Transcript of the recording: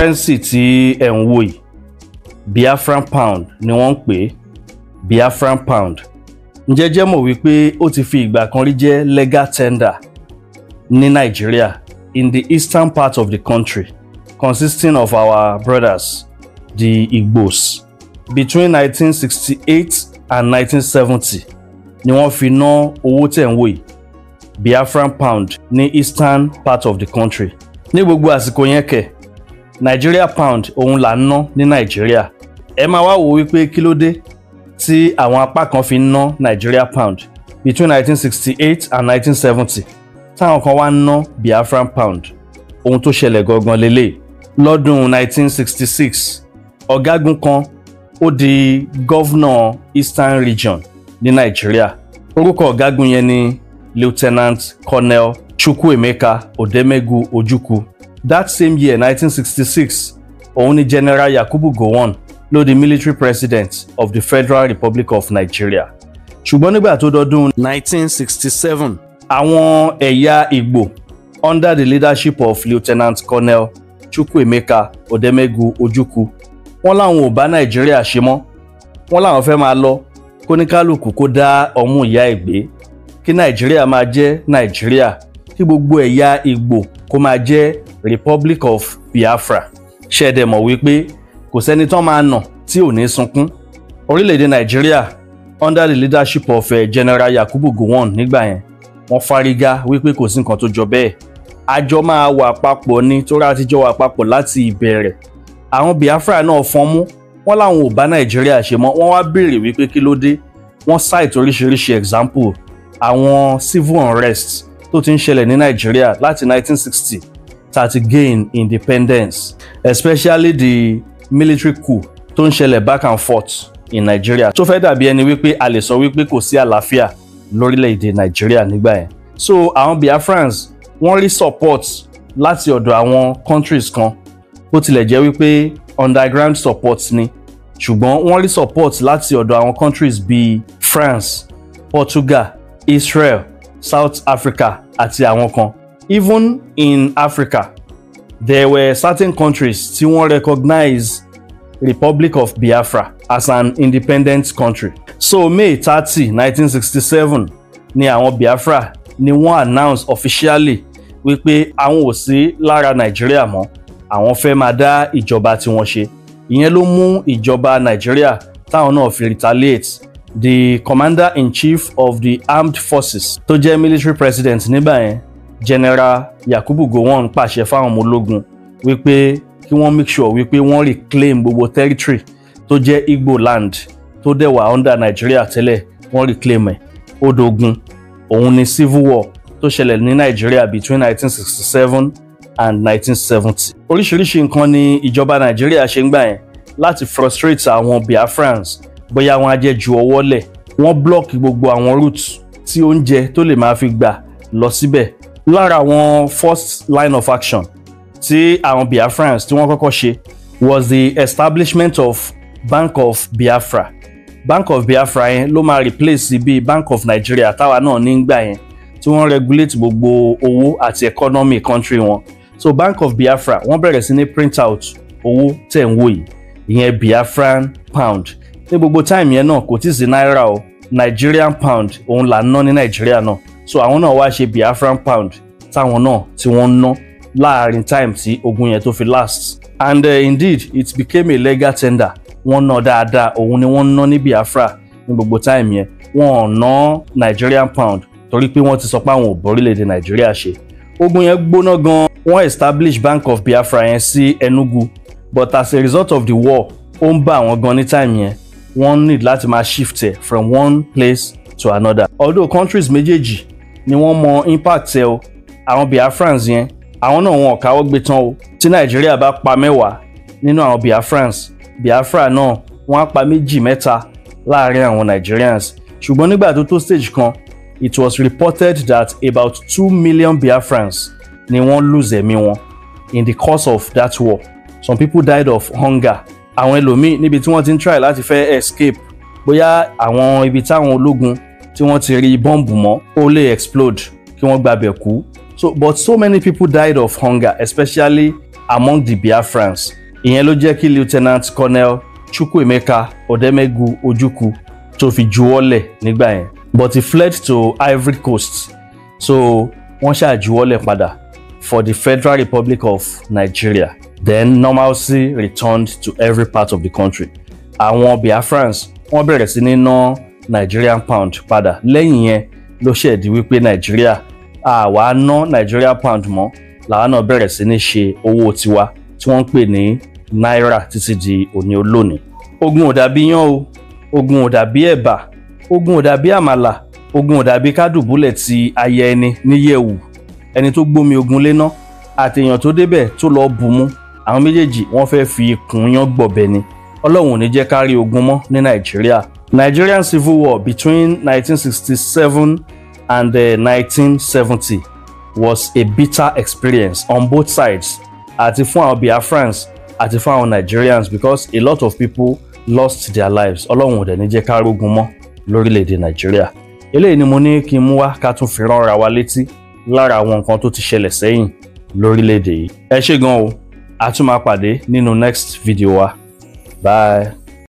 currency tí ẹ̀ ń wò yìí Biafran pound ni wọ́n ń pè é Biafran pound ǹjẹ́ jẹ́ mọ̀ wípé ó ti fi ìgbà kan rí jẹ́ legal tender ní Nigeria in the eastern part of the country consisting of our brothers the Igbos between 1968 and 1970 ni wọ́n fi ná owó tẹ̀ ń wò yìí Biafran pound ní eastern part of the country ní gbogbo àsìkò yẹn kẹ̀ Nigeria pound òun là ń ná ní Nàìjíríà ẹ máa wá wò wípé kí ló dé tí àwọn apá kan fi ń ná Nigeria pound between 1968 and 1970 táwọn kan wá ń ná Biafran pound ohun tó ṣẹlẹ̀ gangan lélẹ̀ lọ́dún 1966 ọ̀gágun kan ó di gọ́vnà Eastern Region ní Nigeria. orúkọ ọ̀gágun yẹn ni Lieutenant Colonel Chukwuemeka Odemegu Ojukwu that same year 1966 òun ni general yakubu gowon ló di military president of the federal republic of nigeria ṣùgbọ́n nígbà tó dọdún 1967 àwọn ẹ̀yà ìgbò under the leadership of lieutenant colonel chukwuemeka odemegu ojukwu wọ́n láwọn ò bá nàìjíríà ṣe mọ́ wọ́n láwọn fẹ́ máa lọ kóníkálùkù kó dá ọmú ìyá ẹ̀ gbé kí nàìjíríà máa jẹ́ nàìjíríà kí gbogbo ẹ̀yà ìgbò kó máa jẹ́ Republic of Biafra ṣẹ̀dẹ̀ mọ̀ wípé kò sẹ́ni tán máa nà tí ò ní sunkún orílẹ̀-èdè Nàìjíríà under the leadership of uh, General Yakubu Gowon nígbà yẹn wọ́n fárígá wípé kò sí nǹkan tó jọ bẹ́ẹ̀ àjọ máa wà papọ̀ ní tó rà àtijọ́ wà papọ̀ láti ìbẹ̀rẹ̀ àwọn Biafra náà fọ́n mú wọ́n láwọn ò bá Nàìjíríà ṣe mọ́ wọ́n wá béèrè wípé kí ló dé wọ́n cite oríṣiríṣi example àwọn civil unrest tó ti ń ṣẹlẹ̀ ní Nàìjíríà láti 1960 that gain independence especially the military coup tó ń ṣẹlẹ̀ back and forth in Nigeria tó fẹ́ dàbí ẹni wípé a lè sọ wípé kò sí àlàáfíà lórílẹ̀‐èdè Nigeria nígbà yẹn so àwọn Biafrans wọ́n rí support láti ọ̀dọ̀ àwọn countries kan bó tilẹ̀ jẹ́ wípé underground support ni ṣùgbọ́n wọ́n rí support láti ọ̀dọ̀ àwọn countries bíi France Portugal Israel South Africa àti àwọn kan even in Africa there were certain countries tí wọ́n recognize Republic of Biafra as an independent country so May thirty nineteen sixty seven ni àwọn Biafra ni wọ́n announce officially wípé àwọn ò sí lára Nàìjíríà mọ́ àwọn fẹ́ máa dá ìjọba tí wọ́n ṣe ìyẹn ló mú ìjọba Nàìjíríà táwọn náà fi retaliate the commander in chief of the armed forces tó jẹ́ military president nígbà yẹn general yakubu gowon pàṣẹ fáwọn ọmọ ológun wípé kí wọ́n make sure wípé wọ́n reclaim gbogbo territory tó jẹ́ igbo land tó dẹ̀ wà under nigeria tẹ́lẹ̀ wọ́n reclaim ẹ̀ odogun òun ni civil war tó ṣẹlẹ̀ ní nigeria between 1967 and 1970. oríṣiríṣi nǹkan ni ìjọba nigeria ṣe ń gbà yẹn láti frustrate àwọn biafrans bóyá wọn á jẹ́ ju ọwọ́ lẹ̀ wọ́n block gbogbo àwọn route tí oúnjẹ tó lè máa fi gbà lọ síbẹ̀ lára àwọn first line of action tí àwọn Biafrans tí wọ́n kọ́kọ́ ṣe was the establishment of Bank of Biafra Bank of Biafra yẹn ló máa replace bí Bank of Nigeria táwa náà nígbà yẹn tí wọ́n regulate gbogbo owó àti economy country wọn so Bank of Biafra wọ́n bẹ̀rẹ̀ sí ní print out owó tẹ̀ ń wò yìí ìyẹn Biafran pound ní gbogbo time yẹn náà kò tíì sí náírà o Nigerian pound òun là ń ná ní Nàìjíríà náà so àwọn náà wá ṣe Biafran pound táwọn náà tí wọ́n ń ná láàrin time tí ogun yẹn tó fi last and uh, indeed it became a legal tender wọ́n ná dáadáa òun ni wọ́n ná ní Biafra ní gbogbo time yẹn wọ́n ná Nigerian pound torí pé wọ́n ti sọ pé àwọn ò bọ́rílẹ̀-èdè Nàìjíríà ṣe ogun yẹn gbóná gan wọ́n establish Bank of Biafra yẹn sí Enugu but as a result of the war ó ń bá àwọn gan ní time yẹn wọ́n need láti máa shift from one place to another although countries méjèèjì ni wọ́n mọ impact ẹ o àwọn Biafrans yẹn àwọn náà wọn ò káwọ́ gbé tán o tí Nàìjíríà bá pa mẹ́wàá nínú àwọn Biafrans Biafra náà wọ́n á pa méjì mẹ́ta láàrin àwọn Nigerians ṣùgbọ́n nígbà tó tó stage kan it was reported that about two million Biafrans ni wọ́n lose ẹ̀mí wọn in the course of that war some people died of hunger àwọn ẹlòmíì níbi tí wọ́n ti ń try láti fẹ́ escape bóyá àwọn ibi táwọn ológun tí wọ́n ti rí bọ́ǹbù mọ́ ó lè explode kí wọ́n gbàbẹ̀ kú so but so many people died of hunger especially among the Biafrans ìyẹn ló jẹ́ kí lieutenant colonel Chukwuemeka Odemegu Ojukwu tó fi juwọ́lẹ̀ nígbà yẹn but he fled to Ivory Coast so wọ́n ṣàjuwọ́lẹ̀ padà for the Federal Republic of Nigeria then normalcy returned to every part of the country àwọn Biafrans wọ́n bẹ̀rẹ̀ sí ní ná nigerian pound padà lẹ́yìn yẹn ló ṣẹ̀dí wípé nàìjíríà àwa ná nigerian pound mọ́ làwa náà bẹ̀rẹ̀ sí ní ṣe owó tiwa tí wọ́n ń pè ní náírà títí di òní olónìí ogun ò dàbí yán o ogun ò dàbí ẹ̀bà ogun ò dàbí àmàlà ogun ò dàbí kádùbúlẹ̀ ti aya ẹni níyẹ̀wù ẹni tó gbómi ogun léná àtẹ̀yàn tó débẹ̀ tó lọ bù àwọn méjèèjì wọ́n fẹ́ fi ikùn yán gbọ̀bẹ ni ọlọ́run ò ní jẹ́ ká ogun mọ́ ní nàìjíríà Nigerian Civil War between 1967 and uh, 1970 was a bitter experience on both sides àti fún àwọn Biafrans àti fún àwọn Nigerians because a lot of people lost their lives along with the ní jẹ́ ká rógun mọ́ lórílẹ̀‐èdè Nàìjíríà eléyìí ni mo ní kí n mú wá ká tún fi ránra wa létí lára àwọn nǹkan tó next video wa bye.